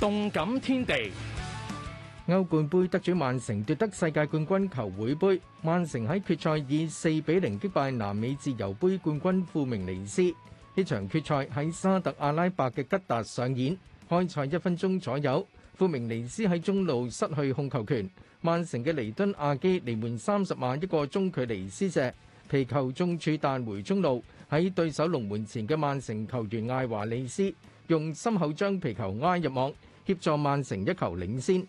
動感天地，歐冠盃得主曼城奪得世界冠軍球會盃。曼城喺決賽以四比零擊敗南美自由盃冠軍富明尼斯。呢場決賽喺沙特阿拉伯嘅吉達上演。開賽一分鐘左右，富明尼斯喺中路失去控球權。曼城嘅尼敦阿基連換三十萬一個中距離施射，皮球中柱彈回中路，喺對手龍門前嘅曼城球員艾華利斯用心口將皮球壓入網，協助曼城一球領先，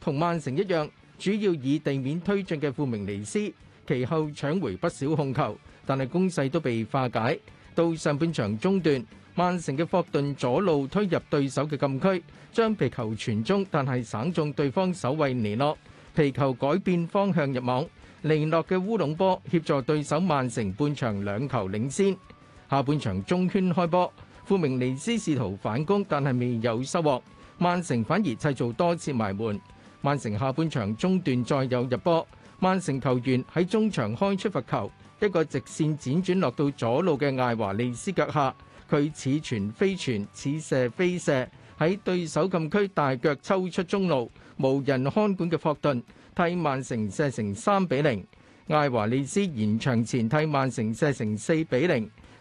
同曼城一樣，主要以地面推進嘅富明尼斯其後搶回不少控球，但係攻勢都被化解。到上半場中段，曼城嘅霍頓左路推入對手嘅禁區，將皮球傳中，但係省中對方守衛尼諾，皮球改變方向入網。尼諾嘅烏龍波協助對手曼城半場兩球領先。下半場中圈開波，富明尼斯試圖反攻，但係未有收穫。曼城反而製造多次埋門，曼城下半場中段再有入波。曼城球員喺中場開出罰球，一個直線輾轉落到左路嘅艾華利斯腳下，佢似傳非傳，似射非射，喺對手禁區大腳抽出中路，無人看管嘅霍頓替曼城射成三比零。艾華利斯延長前替曼城射成四比零。